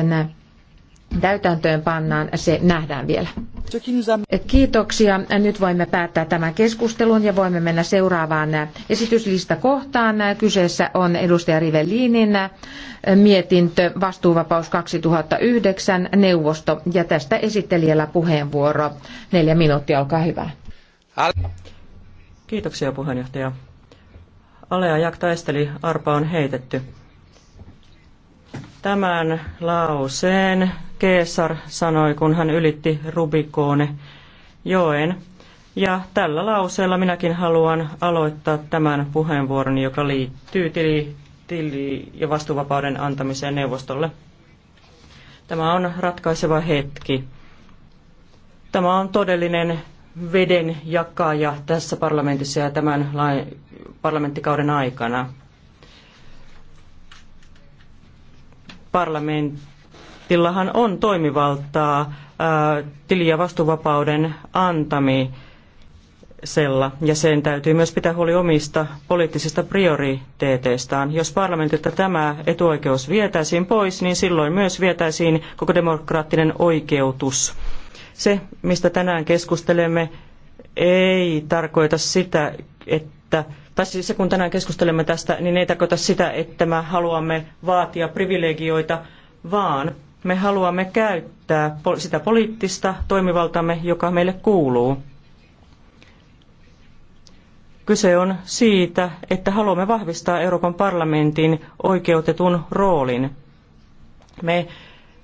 sitten täytäntöön pannaan, se nähdään vielä. Kiitoksia. Nyt voimme päättää tämän keskustelun ja voimme mennä seuraavaan esityslistakohtaan. Kyseessä on edustaja Rivellinin mietintö Vastuuvapaus 2009 neuvosto ja tästä esittelijällä puheenvuoro. Neljä minuuttia, olkaa hyvä. Kiitoksia puheenjohtaja. Alea Jak taisteli, arpa on heitetty. Tämän lauseen Keesar sanoi, kun hän ylitti Rubikoone joen. Ja tällä lauseella minäkin haluan aloittaa tämän puheenvuoron, joka liittyy tili, tili ja vastuuvapauden antamiseen neuvostolle. Tämä on ratkaiseva hetki. Tämä on todellinen veden jakaja tässä parlamentissa ja tämän lain, parlamenttikauden aikana. parlamentillahan on toimivaltaa tili- ja vastuvapauden antamisella, ja sen täytyy myös pitää huoli omista poliittisista prioriteeteistaan. Jos parlamentilta tämä etuoikeus vietäisiin pois, niin silloin myös vietäisiin koko demokraattinen oikeutus. Se, mistä tänään keskustelemme, ei tarkoita sitä, että tai siis se kun tänään keskustelemme tästä, niin ei tarkoita sitä, että me haluamme vaatia privilegioita, vaan me haluamme käyttää sitä poliittista toimivaltamme, joka meille kuuluu. Kyse on siitä, että haluamme vahvistaa Euroopan parlamentin oikeutetun roolin. Me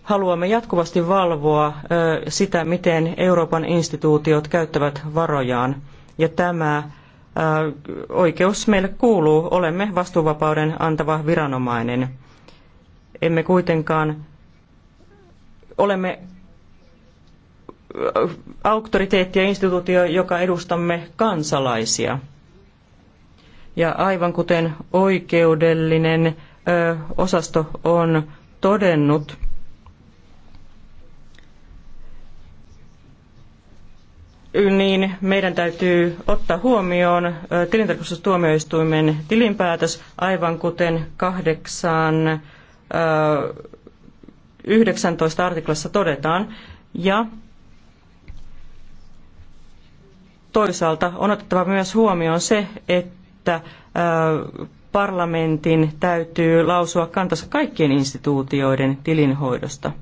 haluamme jatkuvasti valvoa sitä, miten Euroopan instituutiot käyttävät varojaan. Ja tämä Äh, oikeus meille kuuluu. Olemme vastuuvapauden antava viranomainen. Emme kuitenkaan olemme äh, auktoriteetti ja instituutio, joka edustamme kansalaisia. Ja aivan kuten oikeudellinen osasto on todennut, niin meidän täytyy ottaa huomioon tilintarkastustuomioistuimen tilinpäätös, aivan kuten 8, 19 artiklassa todetaan. Ja toisaalta on otettava myös huomioon se, että parlamentin täytyy lausua kantansa kaikkien instituutioiden tilinhoidosta.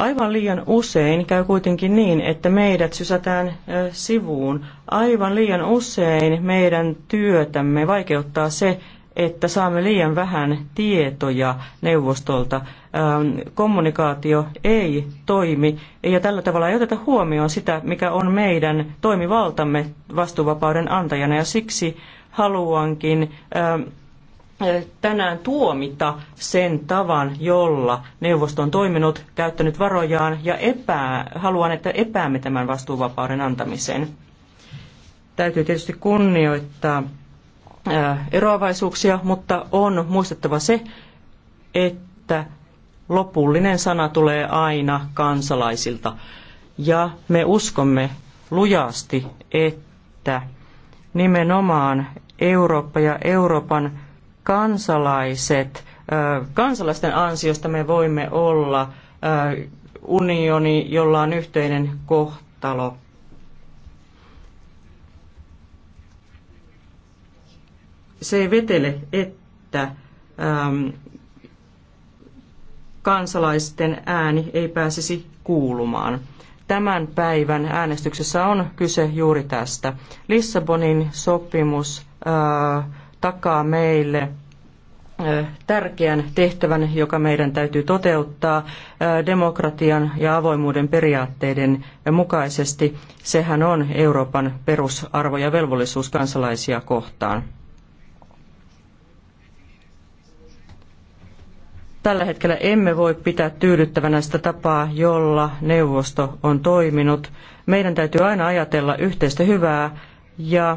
Aivan liian usein käy kuitenkin niin, että meidät sysätään sivuun. Aivan liian usein meidän työtämme vaikeuttaa se, että saamme liian vähän tietoja neuvostolta. Kommunikaatio ei toimi ja tällä tavalla ei oteta huomioon sitä, mikä on meidän toimivaltamme vastuuvapauden antajana ja siksi haluankin tänään tuomita sen tavan, jolla neuvosto on toiminut, käyttänyt varojaan ja epää, haluan, että epäämme tämän vastuuvapauden antamisen. Täytyy tietysti kunnioittaa eroavaisuuksia, mutta on muistettava se, että lopullinen sana tulee aina kansalaisilta. Ja me uskomme lujasti, että nimenomaan Eurooppa ja Euroopan kansalaiset, kansalaisten ansiosta me voimme olla unioni, jolla on yhteinen kohtalo. Se ei vetele, että kansalaisten ääni ei pääsisi kuulumaan. Tämän päivän äänestyksessä on kyse juuri tästä. Lissabonin sopimus ää, takaa meille tärkeän tehtävän, joka meidän täytyy toteuttaa demokratian ja avoimuuden periaatteiden mukaisesti. Sehän on Euroopan perusarvo ja velvollisuus kansalaisia kohtaan. Tällä hetkellä emme voi pitää tyydyttävänä sitä tapaa, jolla neuvosto on toiminut. Meidän täytyy aina ajatella yhteistä hyvää ja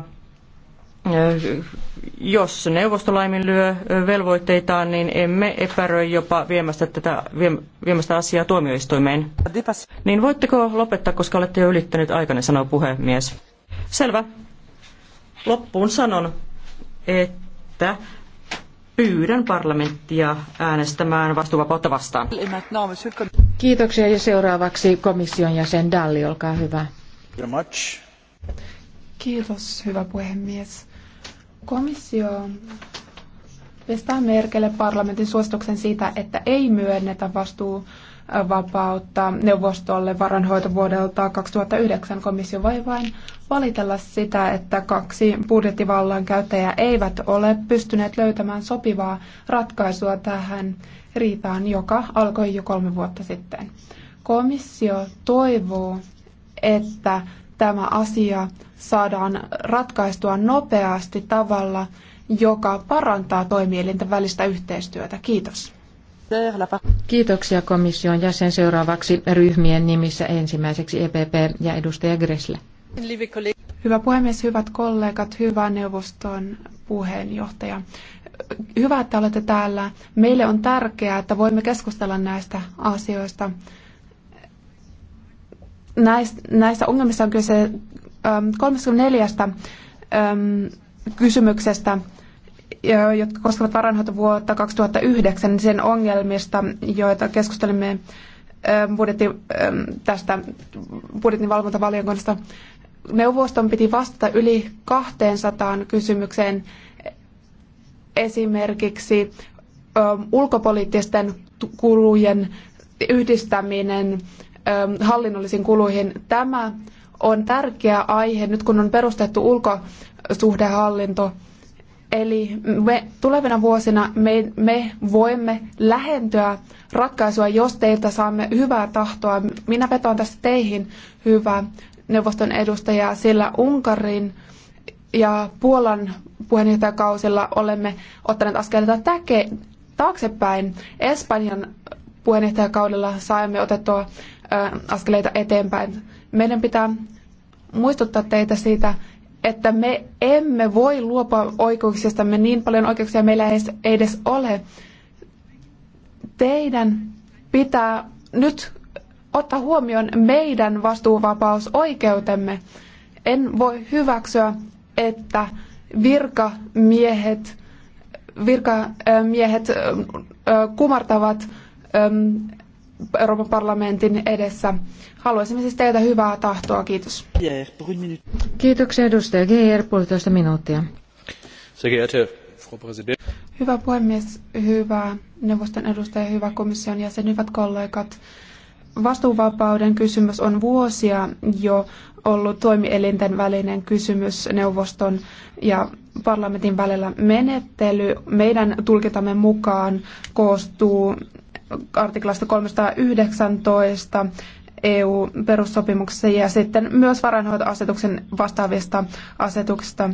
jos neuvosto laiminlyö velvoitteitaan, niin emme epäröi jopa viemästä, tätä, viemästä asiaa tuomioistuimeen. Niin voitteko lopettaa, koska olette jo ylittänyt aikanne, sanoo puhemies. Selvä. Loppuun sanon, että pyydän parlamenttia äänestämään vastuuvapautta vastaan. Kiitoksia ja seuraavaksi komission jäsen Dalli, olkaa hyvä. Kiitos, hyvä puhemies. Komissio pestää Merkelle parlamentin suosituksen siitä, että ei myönnetä vastuu vapautta neuvostolle varanhoitovuodelta 2009. Komissio voi vain valitella sitä, että kaksi budjettivallan käyttäjää eivät ole pystyneet löytämään sopivaa ratkaisua tähän riitaan, joka alkoi jo kolme vuotta sitten. Komissio toivoo, että tämä asia saadaan ratkaistua nopeasti tavalla, joka parantaa toimielinten välistä yhteistyötä. Kiitos. Kiitoksia komission jäsen. Seuraavaksi ryhmien nimissä ensimmäiseksi EPP ja edustaja Gressle. Hyvä puhemies, hyvät kollegat, hyvä neuvoston puheenjohtaja. Hyvä, että olette täällä. Meille on tärkeää, että voimme keskustella näistä asioista näistä ongelmista on kyse 34 ähm, ähm, kysymyksestä, jotka koskevat varainhoitovuotta 2009, niin sen ongelmista, joita keskustelimme ähm, budjetti, tästä budjetin valvontavaliokunnasta. Neuvoston piti vastata yli 200 kysymykseen esimerkiksi ulkopoliittisten kulujen yhdistäminen Ähm, hallinnollisiin kuluihin. Tämä on tärkeä aihe nyt, kun on perustettu ulkosuhdehallinto. Eli me, tulevina vuosina me, me voimme lähentyä ratkaisua, jos teiltä saamme hyvää tahtoa. Minä vetoan tässä teihin, hyvä neuvoston edustaja, sillä Unkarin ja Puolan puheenjohtajakausilla olemme ottaneet askeleita taaksepäin. Espanjan puheenjohtajakaudella saimme otettua askeleita eteenpäin. Meidän pitää muistuttaa teitä siitä, että me emme voi luopua oikeuksistamme niin paljon oikeuksia meillä ei edes ole. Teidän pitää nyt ottaa huomioon meidän vastuuvapausoikeutemme. En voi hyväksyä, että virkamiehet, virkamiehet kumartavat Euroopan parlamentin edessä. Haluaisimme siis teiltä hyvää tahtoa. Kiitos. Kiitoksia edustaja GR, puolitoista minuuttia. Hyvä puhemies, hyvä neuvoston edustaja, hyvä komission jäsen, hyvät kollegat. Vastuuvapauden kysymys on vuosia jo ollut toimielinten välinen kysymys neuvoston ja parlamentin välillä. Menettely meidän tulkintamme mukaan koostuu artiklasta 319 EU-perussopimuksessa ja sitten myös varainhoitoasetuksen vastaavista asetuksista.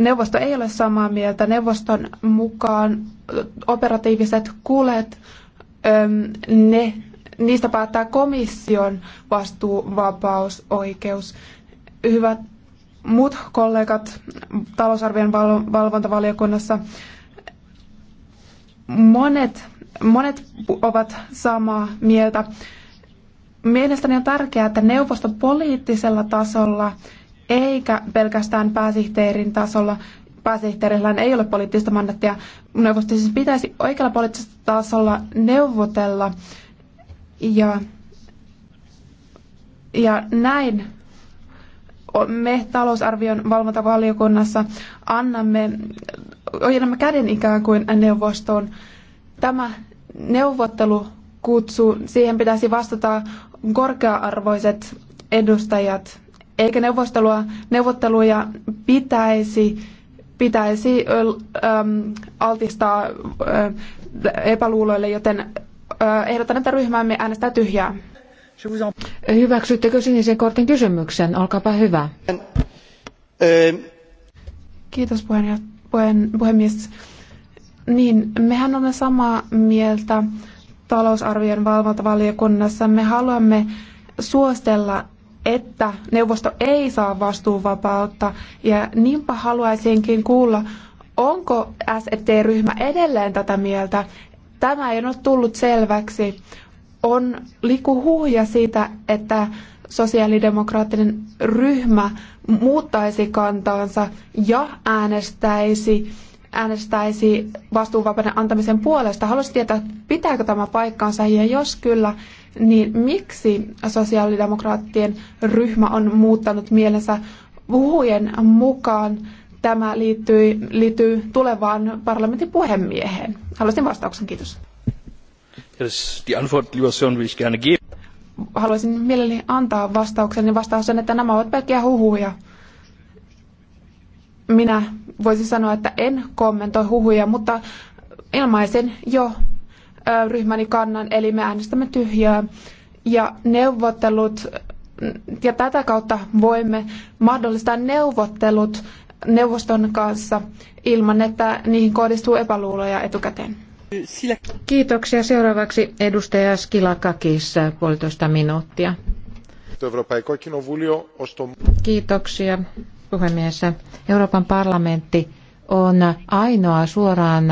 Neuvosto ei ole samaa mieltä. Neuvoston mukaan operatiiviset kulet, ne, niistä päättää komission vastuuvapausoikeus. Hyvät muut kollegat talousarvion valvontavaliokunnassa, monet Monet ovat samaa mieltä. Mielestäni on tärkeää, että neuvosto poliittisella tasolla eikä pelkästään pääsihteerin tasolla pääsihteerillä ei ole poliittista mandattia. Neuvosto siis pitäisi oikealla poliittisella tasolla neuvotella ja, ja näin me talousarvion valvontavaliokunnassa annamme, ojennamme käden ikään kuin neuvostoon. Tämä neuvottelukutsu, siihen pitäisi vastata korkea-arvoiset edustajat, eikä neuvottelua, neuvotteluja pitäisi, pitäisi äm, altistaa epäluuloille, joten ehdotan, että ryhmämme äänestää tyhjää. Hyväksyttekö sinisen kortin kysymyksen? Olkaapa hyvä. Kiitos puhemies niin, mehän olemme samaa mieltä talousarvion valvontavaliokunnassa. Me haluamme suostella, että neuvosto ei saa vastuuvapautta. Ja niinpä haluaisinkin kuulla, onko SET-ryhmä edelleen tätä mieltä. Tämä ei ole tullut selväksi. On likuhuhuja siitä, että sosiaalidemokraattinen ryhmä muuttaisi kantaansa ja äänestäisi äänestäisi vastuunvapauden antamisen puolesta. Haluaisin tietää, pitääkö tämä paikkaansa ja jos kyllä, niin miksi sosiaalidemokraattien ryhmä on muuttanut mielensä puhujen mukaan? Tämä liittyy, liittyy tulevaan parlamentin puhemieheen. Haluaisin vastauksen, kiitos. Haluaisin mielelläni antaa vastauksen, niin vastaus on, että nämä ovat pelkkiä huhuja minä voisin sanoa, että en kommentoi huhuja, mutta ilmaisen jo ryhmäni kannan, eli me äänestämme tyhjää. Ja neuvottelut, ja tätä kautta voimme mahdollistaa neuvottelut neuvoston kanssa ilman, että niihin kohdistuu epäluuloja etukäteen. Kiitoksia. Seuraavaksi edustaja Skilakakis, puolitoista minuuttia. Kiitoksia puhemies. Euroopan parlamentti on ainoa suoraan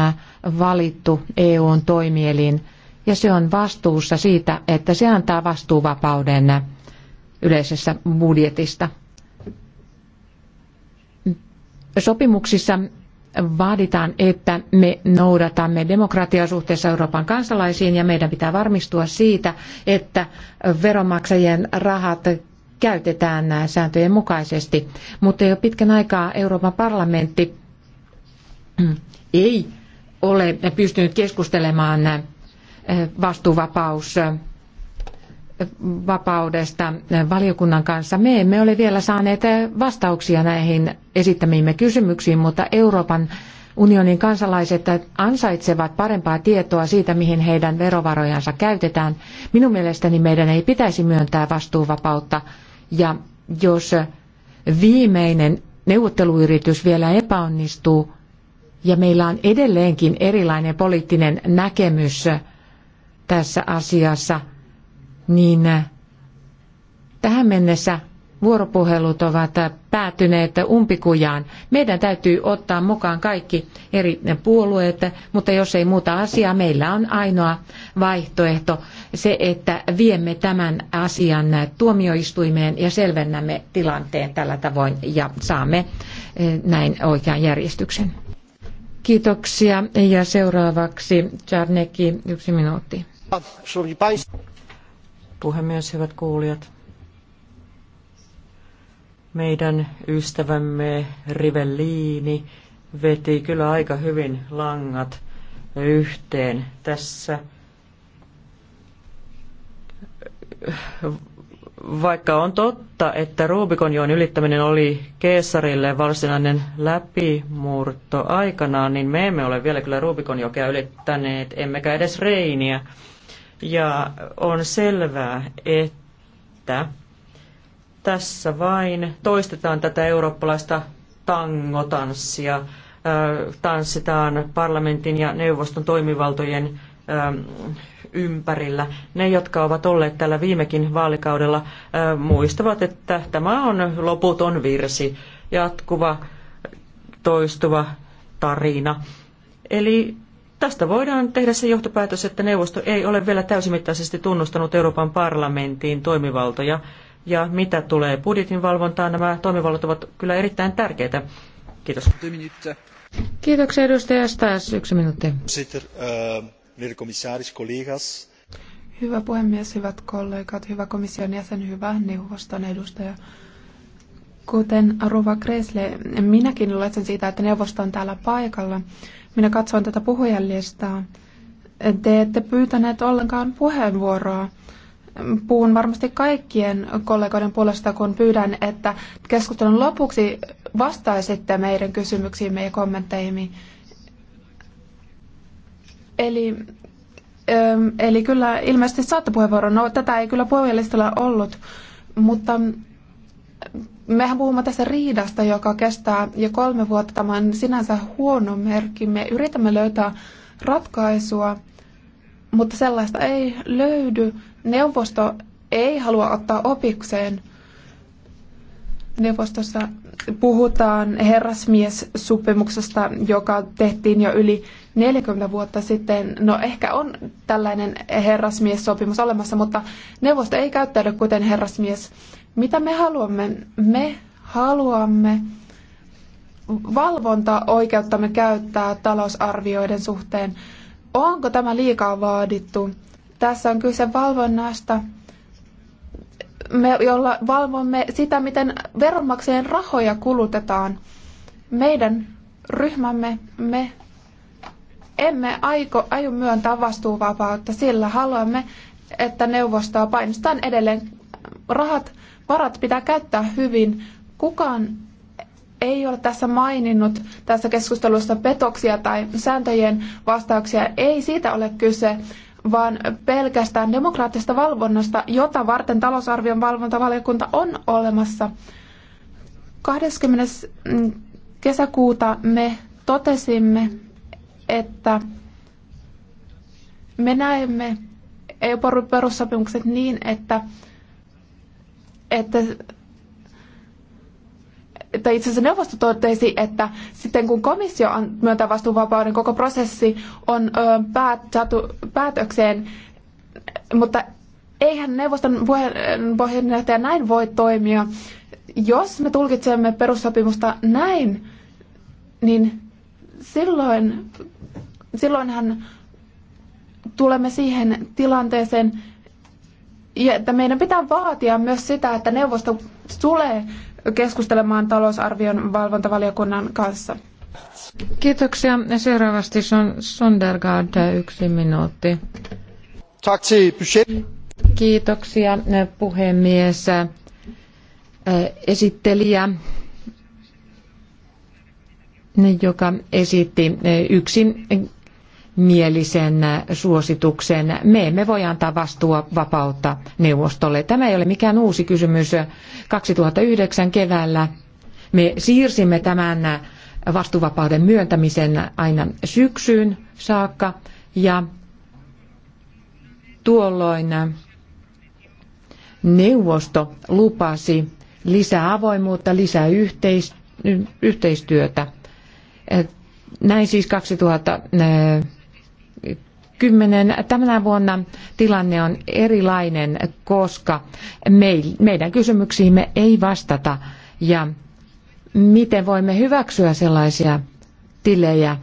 valittu EUn toimielin ja se on vastuussa siitä, että se antaa vastuuvapauden yleisessä budjetista. Sopimuksissa vaaditaan, että me noudatamme demokratiaa suhteessa Euroopan kansalaisiin ja meidän pitää varmistua siitä, että veronmaksajien rahat käytetään sääntöjen mukaisesti. Mutta jo pitkän aikaa Euroopan parlamentti ei ole pystynyt keskustelemaan äh, vastuuvapaus äh, vapaudesta äh, valiokunnan kanssa. Me emme ole vielä saaneet vastauksia näihin esittämiimme kysymyksiin, mutta Euroopan unionin kansalaiset ansaitsevat parempaa tietoa siitä, mihin heidän verovarojansa käytetään. Minun mielestäni meidän ei pitäisi myöntää vastuuvapautta ja jos viimeinen neuvotteluyritys vielä epäonnistuu ja meillä on edelleenkin erilainen poliittinen näkemys tässä asiassa, niin tähän mennessä vuoropuhelut ovat päätyneet umpikujaan. Meidän täytyy ottaa mukaan kaikki eri puolueet, mutta jos ei muuta asiaa, meillä on ainoa vaihtoehto se, että viemme tämän asian tuomioistuimeen ja selvennämme tilanteen tällä tavoin ja saamme eh, näin oikean järjestyksen. Kiitoksia ja seuraavaksi Czarnecki, yksi minuutti. Puhemies, hyvät kuulijat meidän ystävämme Rivellini veti kyllä aika hyvin langat yhteen tässä. Vaikka on totta, että Rubikonjoen ylittäminen oli keesarille varsinainen läpimurto aikanaan, niin me emme ole vielä kyllä Rubikonjokea ylittäneet, emmekä edes Reiniä. Ja on selvää, että tässä vain toistetaan tätä eurooppalaista tangotanssia. Tanssitaan parlamentin ja neuvoston toimivaltojen ympärillä. Ne, jotka ovat olleet täällä viimekin vaalikaudella, muistavat, että tämä on loputon virsi, jatkuva, toistuva tarina. Eli tästä voidaan tehdä se johtopäätös, että neuvosto ei ole vielä täysimittaisesti tunnustanut Euroopan parlamentin toimivaltoja. Ja mitä tulee budjetin valvontaan, nämä toimivallat ovat kyllä erittäin tärkeitä. Kiitos. Kiitoksia edustaja Stas. Yksi minuutti. Äh, hyvä puhemies, hyvät kollegat, hyvä komission jäsen, hyvä neuvoston edustaja. Kuten Ruva Kresle, minäkin iloitsen siitä, että neuvosto on täällä paikalla. Minä katson tätä puhujalistaa. Te ette pyytäneet ollenkaan puheenvuoroa puhun varmasti kaikkien kollegoiden puolesta, kun pyydän, että keskustelun lopuksi vastaisitte meidän kysymyksiimme ja kommentteihimme. Eli, ähm, eli kyllä ilmeisesti saatte puheenvuoron. No, tätä ei kyllä puheenjohtajalla ollut, mutta mehän puhumme tässä riidasta, joka kestää jo kolme vuotta. Tämä on sinänsä huono merkki. Me yritämme löytää ratkaisua, mutta sellaista ei löydy neuvosto ei halua ottaa opikseen. Neuvostossa puhutaan herrasmies-sopimuksesta, joka tehtiin jo yli 40 vuotta sitten. No ehkä on tällainen herrasmies-sopimus olemassa, mutta neuvosto ei käyttäydy kuten herrasmies. Mitä me haluamme? Me haluamme valvonta oikeuttamme käyttää talousarvioiden suhteen. Onko tämä liikaa vaadittu? Tässä on kyse valvonnasta, me, jolla valvomme sitä, miten veronmaksajien rahoja kulutetaan. Meidän ryhmämme, me emme aiko, aio myöntää vastuuvapautta, sillä haluamme, että neuvostoa painostetaan edelleen. Rahat, varat pitää käyttää hyvin. Kukaan ei ole tässä maininnut tässä keskustelussa petoksia tai sääntöjen vastauksia. Ei siitä ole kyse vaan pelkästään demokraattisesta valvonnasta, jota varten talousarvion valvontavaliokunta on olemassa. 20. Mm, kesäkuuta me totesimme, että me näemme EU-perussopimukset niin, että, että tai itse asiassa neuvosto totesi, että sitten kun komissio myöntää vastuuvapauden, koko prosessi on ö, päät, saatu päätökseen, mutta eihän neuvoston puheenjohtaja näin voi toimia. Jos me tulkitsemme perussopimusta näin, niin silloin, silloinhan tulemme siihen tilanteeseen, että meidän pitää vaatia myös sitä, että neuvosto tulee keskustelemaan talousarvion valvontavaliokunnan kanssa. Kiitoksia. Seuraavasti on Sondergaard yksi minuutti. Kiitoksia puhemies. Esittelijä joka esitti yksin mielisen suosituksen. Me emme voi antaa vastuua vapautta neuvostolle. Tämä ei ole mikään uusi kysymys. 2009 keväällä me siirsimme tämän vastuuvapauden myöntämisen aina syksyyn saakka ja tuolloin neuvosto lupasi lisää avoimuutta, lisää yhteistyötä. Näin siis 2000 10. Tänä vuonna tilanne on erilainen, koska meidän kysymyksiimme ei vastata ja miten voimme hyväksyä sellaisia tilejä,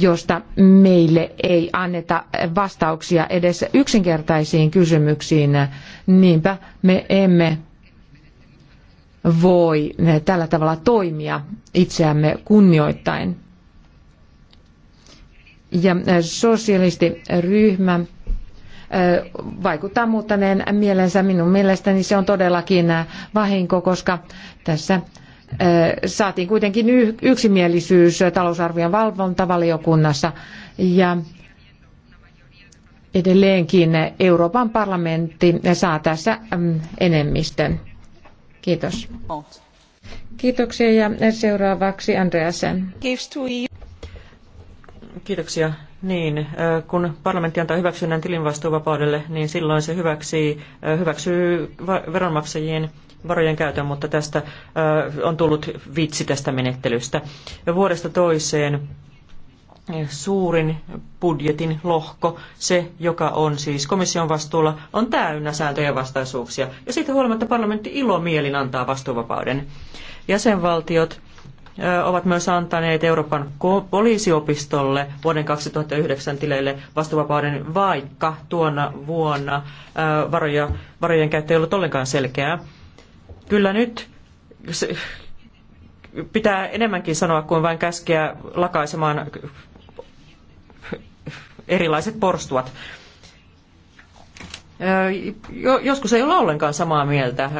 josta meille ei anneta vastauksia edes yksinkertaisiin kysymyksiin. Niinpä me emme voi tällä tavalla toimia itseämme kunnioittain ja sosialistiryhmä vaikuttaa muuttaneen mielensä. Minun mielestäni se on todellakin vahinko, koska tässä saatiin kuitenkin yksimielisyys talousarvion valvontavaliokunnassa ja edelleenkin Euroopan parlamentti saa tässä enemmistön. Kiitos. Kiitoksia ja seuraavaksi Andreasen. Kiitoksia. Niin, kun parlamentti antaa hyväksynnän tilinvastuuvapaudelle, niin silloin se hyväksii, hyväksyy veronmaksajien varojen käytön, mutta tästä on tullut vitsi tästä menettelystä. Vuodesta toiseen e, suurin budjetin lohko, se joka on siis komission vastuulla, on täynnä sääntöjen vastaisuuksia. Ja siitä huolimatta parlamentti ilomielin antaa vastuuvapauden. Jäsenvaltiot ovat myös antaneet Euroopan poliisiopistolle vuoden 2009 tileille vastuvapauden, vaikka tuona vuonna varoja, varojen käyttö ei ollut ollenkaan selkeää. Kyllä nyt pitää enemmänkin sanoa kuin vain käskeä lakaisemaan erilaiset porstuat. Joskus ei olla ollenkaan samaa mieltä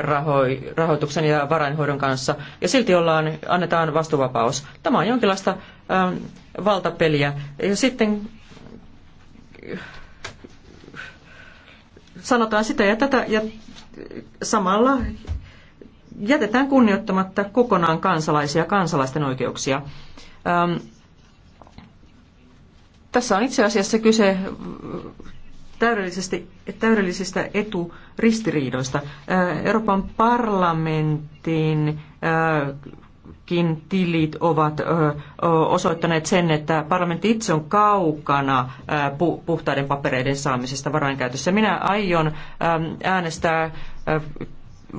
rahoituksen ja varainhoidon kanssa, ja silti ollaan, annetaan vastuvapaus. Tämä on jonkinlaista valtapeliä. Ja sitten sanotaan sitä ja tätä, ja samalla jätetään kunnioittamatta kokonaan kansalaisia ja kansalaisten oikeuksia. Ähm, tässä on itse asiassa kyse täydellisesti, täydellisistä eturistiriidoista. Äh, Euroopan parlamentin Kin äh, tilit ovat äh, osoittaneet sen, että parlamentti itse on kaukana puhtaiden papereiden saamisesta varainkäytössä. Minä aion äänestää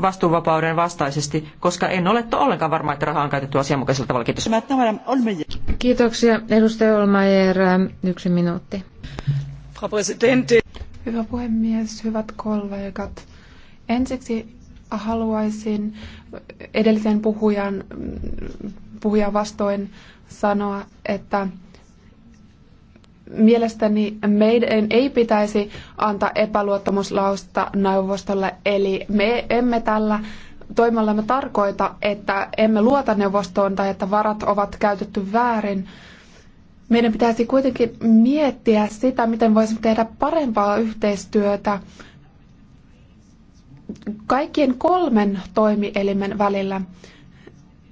vastuuvapauden vastaisesti, koska en ole ollenkaan varma, että rahaa on käytetty asianmukaisella tavalla. Kiitos. Kiitoksia. Edustaja Olmajer, yksi minuutti. Frau Präsidentin. Hyvä puhemies, hyvät kollegat. Ensiksi haluaisin edellisen puhujan, puhujan vastoin sanoa, että mielestäni meidän ei pitäisi antaa epäluottamuslausta neuvostolle, eli me emme tällä toimellamme tarkoita, että emme luota neuvostoon tai että varat ovat käytetty väärin meidän pitäisi kuitenkin miettiä sitä, miten voisimme tehdä parempaa yhteistyötä kaikkien kolmen toimielimen välillä.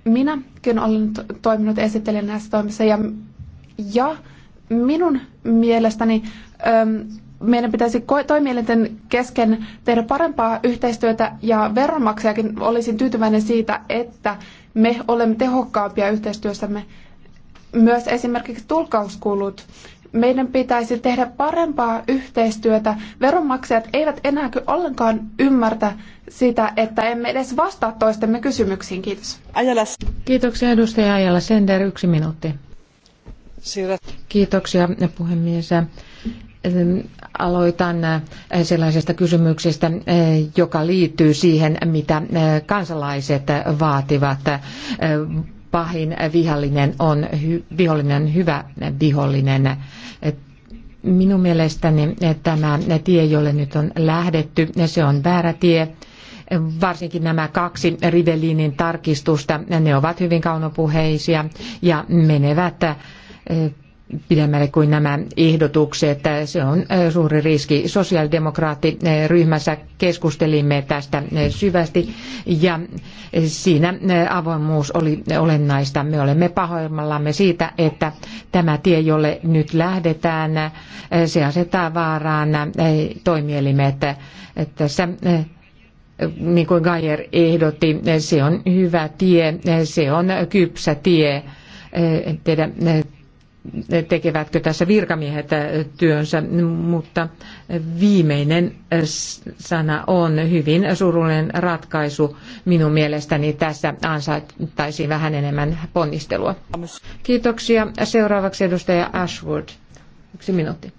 Minäkin olen toiminut esittelijänä näissä toimissa ja, ja minun mielestäni äm, meidän pitäisi toimielinten kesken tehdä parempaa yhteistyötä ja veronmaksajakin olisin tyytyväinen siitä, että me olemme tehokkaampia yhteistyössämme myös esimerkiksi tulkauskulut. Meidän pitäisi tehdä parempaa yhteistyötä. Veronmaksajat eivät enää ollenkaan ymmärtä sitä, että emme edes vastaa toistemme kysymyksiin. Kiitos. Ajalas. Kiitoksia edustaja Ajala. Sender yksi minuutti. Siirrät. Kiitoksia puhemies aloitan äh, sellaisesta kysymyksestä, äh, joka liittyy siihen, mitä äh, kansalaiset vaativat pahin vihollinen on vihollinen hyvä vihollinen. Minun mielestäni tämä tie, jolle nyt on lähdetty, se on väärä tie. Varsinkin nämä kaksi Rivelinin tarkistusta, ne ovat hyvin kaunopuheisia ja menevät pidemmälle kuin nämä ehdotukset. Se on äh, suuri riski. Sosiaalidemokraattiryhmässä äh, keskustelimme tästä äh, syvästi ja siinä avoimuus oli olennaista. Me olemme pahoillamme siitä, että tämä tie, jolle nyt lähdetään, se asettaa vaaraan toimielimet. Tässä niin kuin Gajer ehdotti, se on hyvä tie, se on kypsä tie. En tiedä, tekevätkö tässä virkamiehet äh, työnsä, mutta viimeinen äh, sana on hyvin surullinen ratkaisu. Minun mielestäni tässä ansaittaisiin vähän enemmän ponnistelua. Kiitoksia. Seuraavaksi edustaja Ashwood. Yksi minuutti.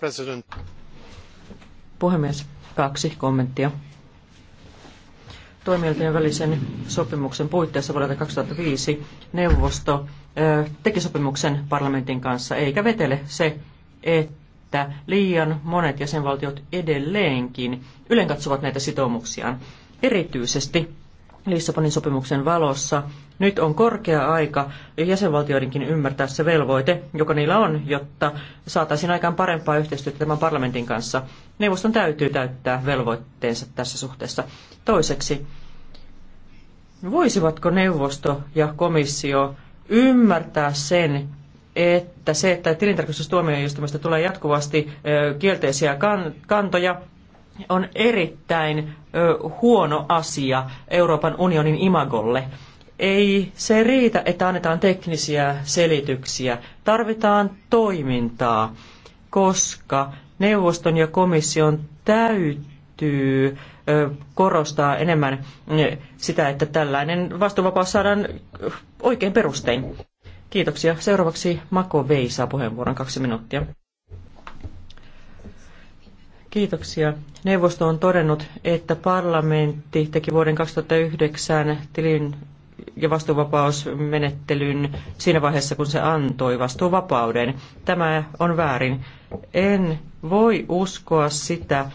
President. Puhemies, kaksi kommenttia toimijoiden välisen sopimuksen puitteissa vuodelta 2005 neuvosto teki sopimuksen parlamentin kanssa, eikä vetele se, että liian monet jäsenvaltiot edelleenkin ylenkatsovat näitä sitoumuksiaan. Erityisesti Lissabonin sopimuksen valossa nyt on korkea aika jäsenvaltioidenkin ymmärtää se velvoite, joka niillä on, jotta saataisiin aikaan parempaa yhteistyötä tämän parlamentin kanssa. Neuvoston täytyy täyttää velvoitteensa tässä suhteessa. Toiseksi Voisivatko neuvosto ja komissio ymmärtää sen, että se, että tilintarkastustuomioistuimesta tulee jatkuvasti kielteisiä kantoja, on erittäin huono asia Euroopan unionin imagolle. Ei se riitä, että annetaan teknisiä selityksiä. Tarvitaan toimintaa, koska neuvoston ja komission täytyy täytyy korostaa enemmän sitä, että tällainen vastuuvapaus saadaan oikein perustein. Kiitoksia. Seuraavaksi Mako saa puheenvuoron kaksi minuuttia. Kiitoksia. Neuvosto on todennut, että parlamentti teki vuoden 2009 tilin ja vastuuvapausmenettelyn siinä vaiheessa, kun se antoi vastuuvapauden. Tämä on väärin. En voi uskoa sitä,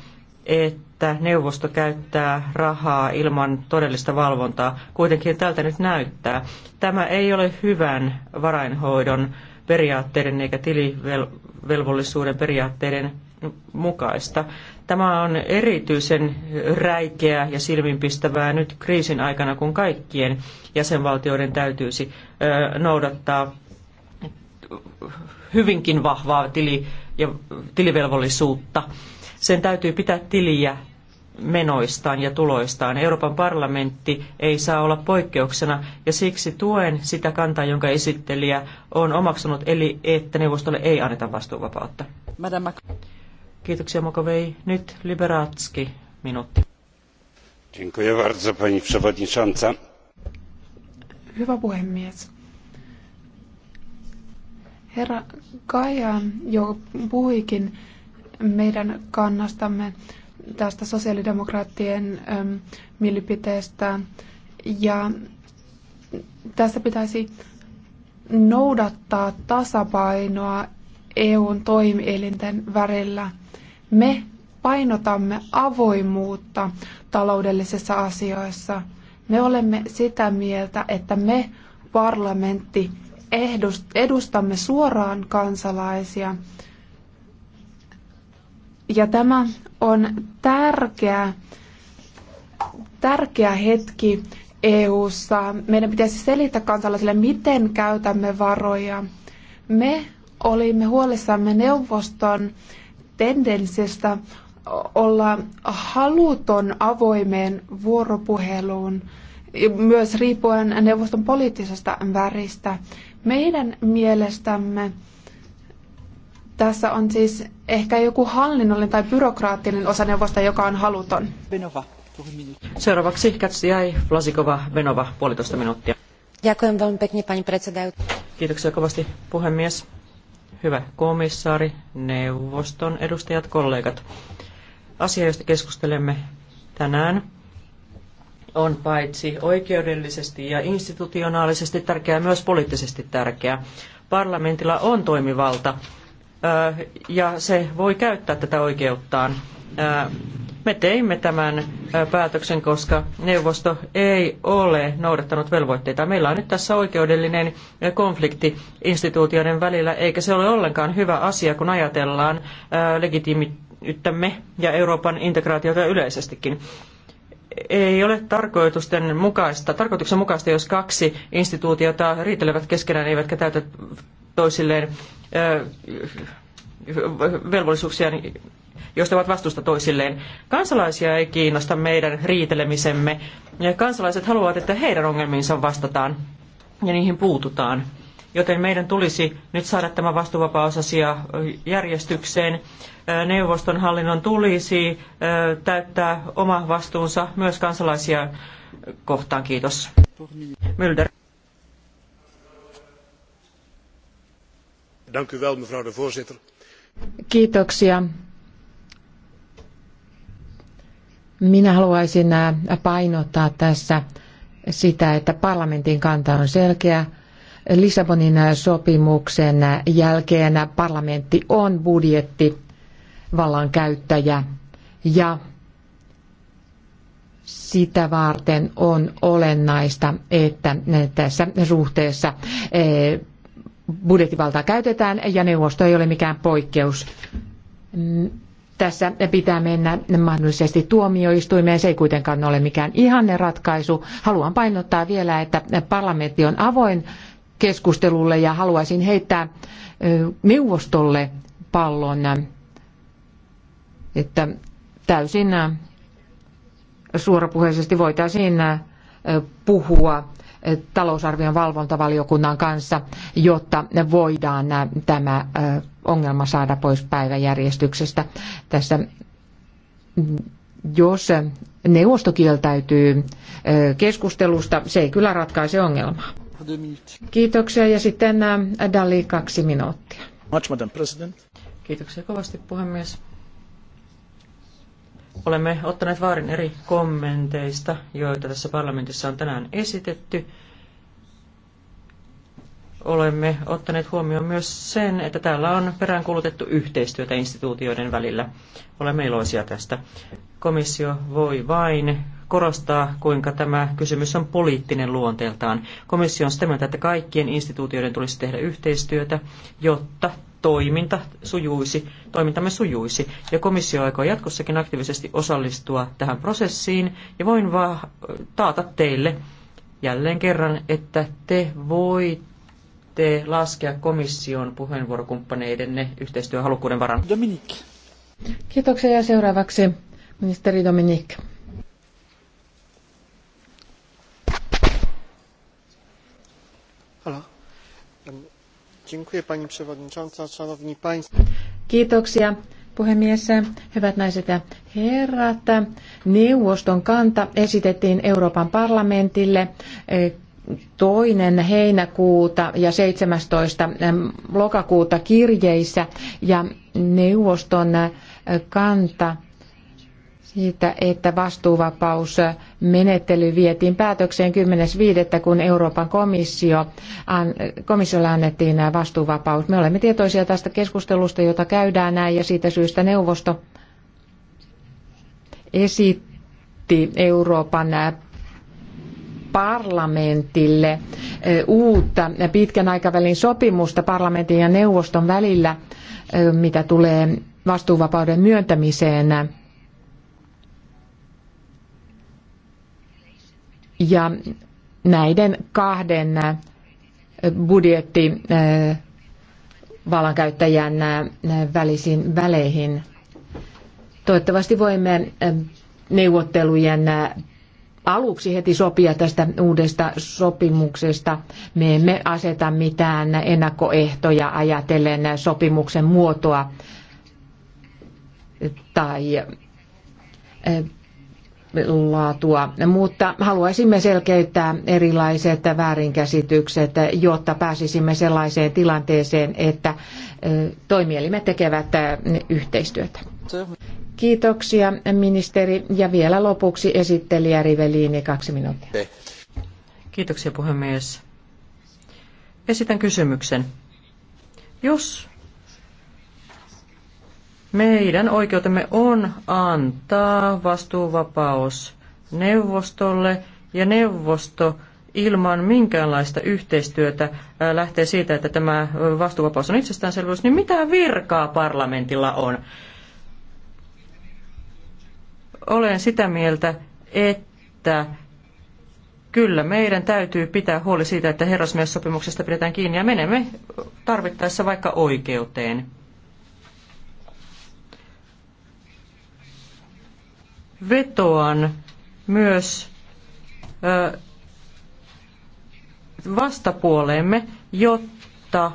että että neuvosto käyttää rahaa ilman todellista valvontaa. Kuitenkin tältä nyt näyttää. Tämä ei ole hyvän varainhoidon periaatteiden eikä tilivelvollisuuden periaatteiden mukaista. Tämä on erityisen räikeä ja silminpistävää nyt kriisin aikana, kun kaikkien jäsenvaltioiden täytyisi noudattaa hyvinkin vahvaa tili- ja tilivelvollisuutta. Sen täytyy pitää tiliä menoistaan ja tuloistaan. Euroopan parlamentti ei saa olla poikkeuksena ja siksi tuen sitä kantaa, jonka esittelijä on omaksunut, eli että neuvostolle ei anneta vastuuvapautta. Madame. Kiitoksia Mokovei. Nyt Liberatski minuutti. Dziękuję bardzo, pani przewodnicząca. Hyvä puhemies. Herra Kaja jo puhuikin meidän kannastamme tästä sosiaalidemokraattien äm, mielipiteestä. Ja tässä pitäisi noudattaa tasapainoa EUn toimielinten värillä. Me painotamme avoimuutta taloudellisissa asioissa. Me olemme sitä mieltä, että me parlamentti edustamme suoraan kansalaisia ja tämä on tärkeä, tärkeä hetki EU:ssa. Meidän pitäisi selittää kansalaisille, miten käytämme varoja. Me olimme huolissamme neuvoston tendenssistä olla haluton avoimeen vuoropuheluun, myös riippuen neuvoston poliittisesta väristä. Meidän mielestämme tässä on siis ehkä joku hallinnollinen tai byrokraattinen osa neuvostoa joka on haluton. Benova. Seuraavaksi Katsiai Vlasikova Benova, puolitoista minuuttia. Jakoin veľmi pekne, pani Kiitoksia kovasti, puhemies. Hyvä komissaari, neuvoston edustajat, kollegat. Asia, josta keskustelemme tänään, on paitsi oikeudellisesti ja institutionaalisesti tärkeää, myös poliittisesti tärkeää. Parlamentilla on toimivalta ja se voi käyttää tätä oikeuttaan. Me teimme tämän päätöksen, koska neuvosto ei ole noudattanut velvoitteita. Meillä on nyt tässä oikeudellinen konflikti instituutioiden välillä, eikä se ole ollenkaan hyvä asia, kun ajatellaan legitiimiyttämme ja Euroopan integraatiota yleisestikin ei ole tarkoitusten mukaista, tarkoituksen mukaista, jos kaksi instituutiota riitelevät keskenään eivätkä täytä toisilleen velvollisuuksia, joista ovat vastuusta toisilleen. Kansalaisia ei kiinnosta meidän riitelemisemme. Kansalaiset haluavat, että heidän ongelmiinsa vastataan ja niihin puututaan. Joten meidän tulisi nyt saada tämä vastuuvapausasia järjestykseen. Neuvoston hallinnon tulisi täyttää oma vastuunsa myös kansalaisia kohtaan. Kiitos. Mylder. Kiitoksia. Minä haluaisin painottaa tässä sitä, että parlamentin kanta on selkeä. Lissabonin sopimuksen jälkeen parlamentti on budjettivallan käyttäjä ja sitä varten on olennaista, että tässä suhteessa budjettivaltaa käytetään ja neuvosto ei ole mikään poikkeus. Tässä pitää mennä mahdollisesti tuomioistuimeen. Se ei kuitenkaan ole mikään ihanne ratkaisu. Haluan painottaa vielä, että parlamentti on avoin keskustelulle ja haluaisin heittää neuvostolle pallon, että täysin suorapuheisesti voitaisiin puhua talousarvion valvontavaliokunnan kanssa, jotta voidaan tämä ongelma saada pois päiväjärjestyksestä. Tässä, jos neuvosto kieltäytyy keskustelusta, se ei kyllä ratkaise ongelmaa. Kiitoksia ja sitten Dali kaksi minuuttia. Much, Kiitoksia kovasti puhemies. Olemme ottaneet vaarin eri kommenteista, joita tässä parlamentissa on tänään esitetty. Olemme ottaneet huomioon myös sen, että täällä on peräänkuulutettu yhteistyötä instituutioiden välillä. Olemme iloisia tästä. Komissio voi vain korostaa, kuinka tämä kysymys on poliittinen luonteeltaan. Komissio on sitä mieltä, että kaikkien instituutioiden tulisi tehdä yhteistyötä, jotta toiminta sujuisi, toimintamme sujuisi. Ja komissio aikoo jatkossakin aktiivisesti osallistua tähän prosessiin ja voin vaan taata teille jälleen kerran, että te voitte laskea komission puheenvuorokumppaneidenne yhteistyöhalukkuuden varan. Dominik. Kiitoksia ja seuraavaksi ministeri Dominik. Kiitoksia puhemies, hyvät naiset ja herrat. Neuvoston kanta esitettiin Euroopan parlamentille eh, toinen heinäkuuta ja 17. Eh, lokakuuta kirjeissä ja neuvoston eh, kanta siitä, että vastuuvapausmenettely vietiin päätökseen 10.5. kun Euroopan komissio, an, komissiolle annettiin vastuuvapaus. Me olemme tietoisia tästä keskustelusta, jota käydään näin ja siitä syystä neuvosto esitti Euroopan parlamentille uutta pitkän aikavälin sopimusta parlamentin ja neuvoston välillä, mitä tulee vastuuvapauden myöntämiseen Ja näiden kahden äh, budjetti äh, vallankäyttäjän äh, välisiin väleihin. Toivottavasti voimme neuvottelujen aluksi heti sopia tästä uudesta sopimuksesta. Me emme aseta mitään ennakkoehtoja ajatellen sopimuksen muotoa tai laatua, mutta haluaisimme selkeyttää erilaiset väärinkäsitykset, jotta pääsisimme sellaiseen tilanteeseen, että toimielimet tekevät yhteistyötä. Kiitoksia ministeri ja vielä lopuksi esittelijä Riveliini kaksi minuuttia. Kiitoksia puhemies. Esitän kysymyksen. Jos meidän oikeutemme on antaa vastuuvapaus neuvostolle ja neuvosto ilman minkäänlaista yhteistyötä lähtee siitä, että tämä vastuuvapaus on itsestäänselvyys, niin mitä virkaa parlamentilla on? Olen sitä mieltä, että kyllä meidän täytyy pitää huoli siitä, että herrasmies-sopimuksesta pidetään kiinni ja menemme tarvittaessa vaikka oikeuteen. vetoan myös vastapuoleemme, jotta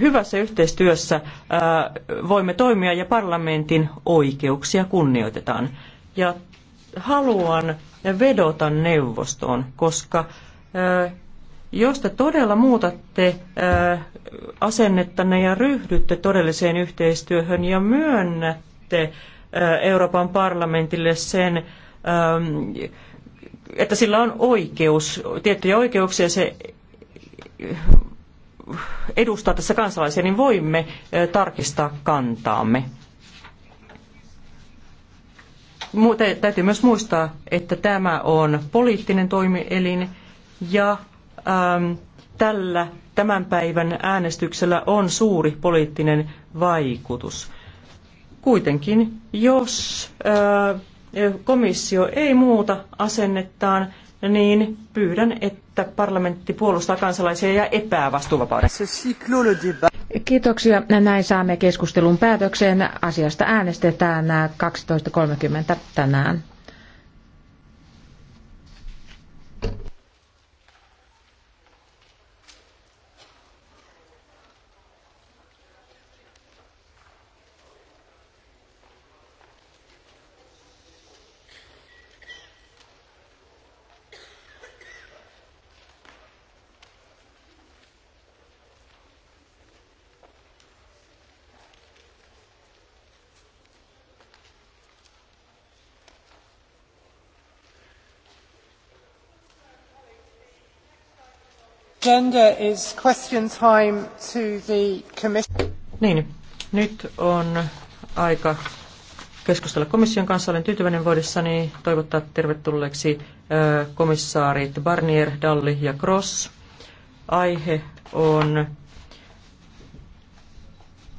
hyvässä yhteistyössä voimme toimia ja parlamentin oikeuksia kunnioitetaan. Ja haluan vedota neuvostoon, koska jos te todella muutatte asennettanne ja ryhdytte todelliseen yhteistyöhön ja myönnätte Euroopan parlamentille sen, että sillä on oikeus, tiettyjä oikeuksia se edustaa tässä kansalaisia, niin voimme tarkistaa kantaamme. Täytyy myös muistaa, että tämä on poliittinen toimielin ja tällä tämän päivän äänestyksellä on suuri poliittinen vaikutus. Kuitenkin, jos komissio ei muuta asennettaan, niin pyydän, että parlamentti puolustaa kansalaisia ja epää vastuuvapauden. Kiitoksia. Näin saamme keskustelun päätökseen. Asiasta äänestetään 12.30 tänään. Niin, nyt on aika keskustella komission kanssa. Olen tyytyväinen voidessani toivottaa tervetulleeksi komissaarit Barnier, Dalli ja Cross. Aihe on